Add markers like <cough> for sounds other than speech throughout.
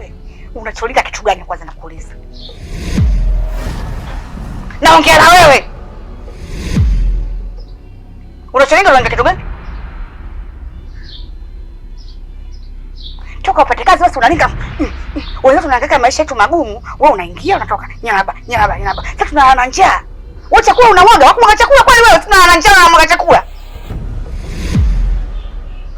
wewe unacholika kitu gani? Kwanza nakuuliza, naongea na wewe, unacholika unaongea kitu gani? Toka upate kazi basi, unalinga wewe, unahangaika maisha yetu magumu, wewe unaingia unatoka, nyaba nyaba nyaba. Sasa tunaana njaa, wewe chakula unamwaga, wakumwaga chakula kwani wewe? Tunaana njaa, unamwaga chakula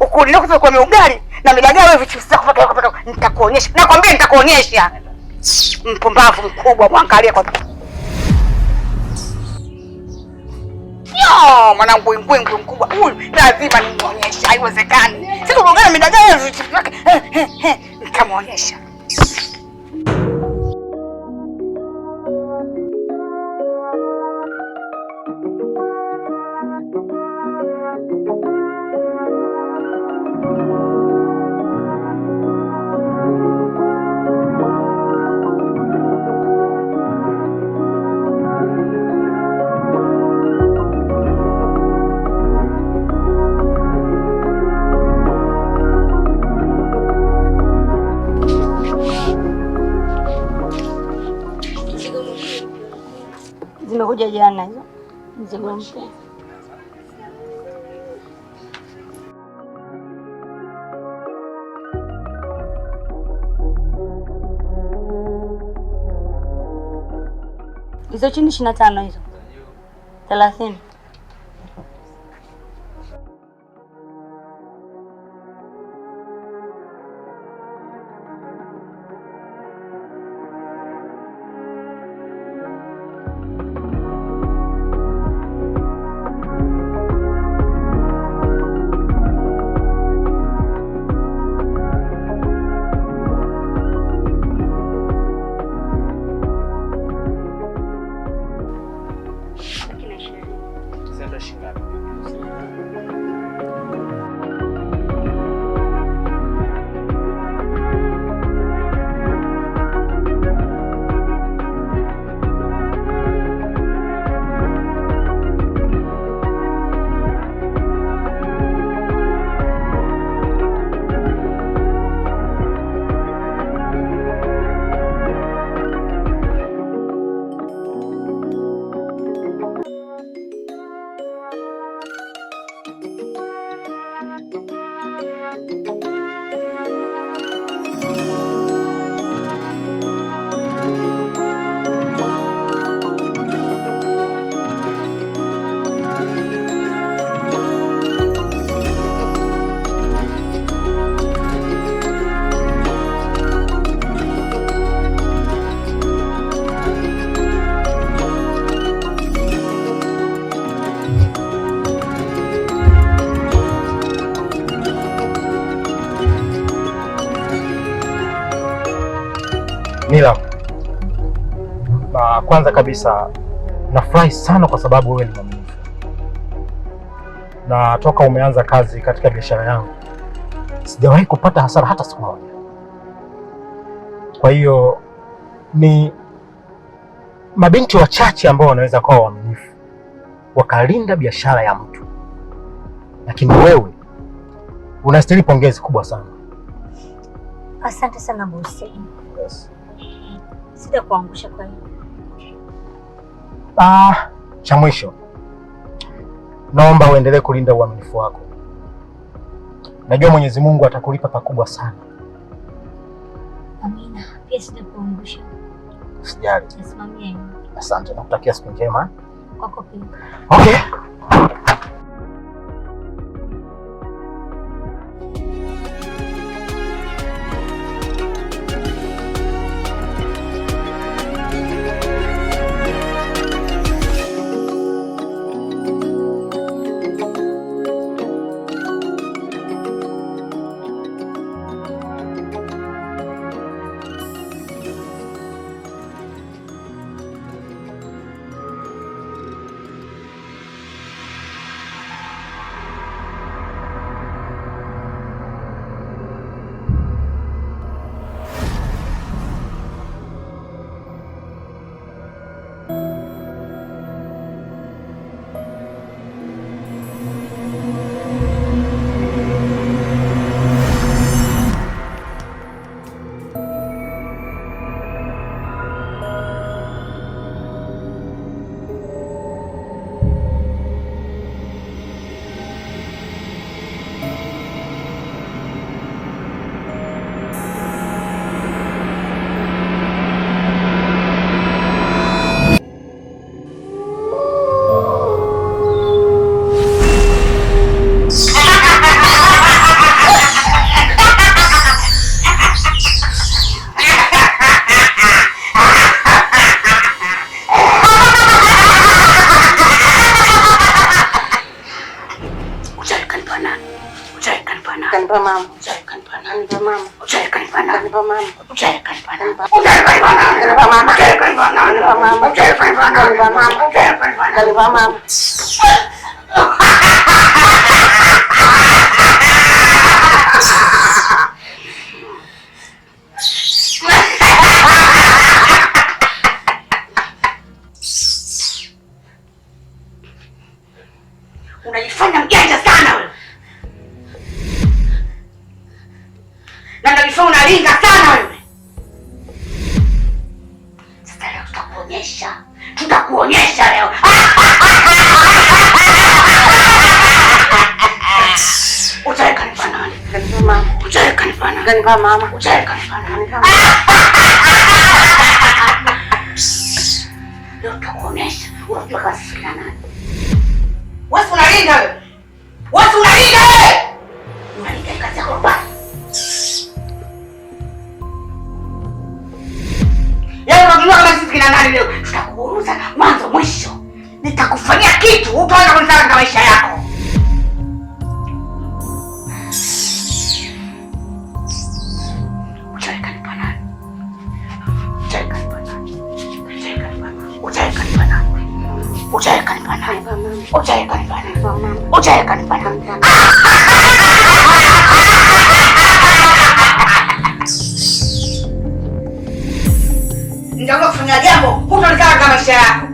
ukuulia kufa kwa ugali na midagaa wewe vitu vyako nitakuonyesha, nakwambia nitakuonyesha. Mpumbavu mkubwa, mwangalia kwa yo mwanangu, ngwingwi mkubwa huyu lazima nimuonyeshe, haiwezekani. Sasa unaongea na midagaa wewe vitu jana hizo mzigo mpya. Hizo chini ishirini na tano hizo thelathini shingano. Mila, na kwanza kabisa nafurahi sana kwa sababu wewe ni mwaminifu, na toka umeanza kazi katika biashara yangu sijawahi kupata hasara hata siku moja. Kwa hiyo ni mabinti wachache ambao wanaweza kuwa waaminifu wakalinda biashara ya mtu, lakini wewe unastahili pongezi kubwa sana. Asante sana bosi. Yes. Sitakuangusha kwa hiyo. Ah, cha mwisho naomba uendelee kulinda uaminifu wako. Najua Mwenyezi Mungu atakulipa pakubwa sana. Amina. Pia sitakuangusha. Usijali. Asante, nakutakia siku njema. Kwako pia. Okay. pamam ucapkan pamam pamam ucapkan pamam pamam ucapkan pamam ucapkan pamam ucapkan pamam ucapkan pamam ucapkan pamam ucapkan pamam Sasa unalinga sana wewe. Sasa leo tutakuonyesha, tutakuonyesha leo. Utaweka <laughs> ni pana nani? Mama, utaweka ni pana nani? Mama, utaweka ni pana nani? Leo tutakuonyesha, unajua kasi nani. Wewe unalinga wewe. Wewe Uchawi kanifanya, uchawi kanifanya. Nitakuwa kufanya jambo hutolikaa kama maisha yako.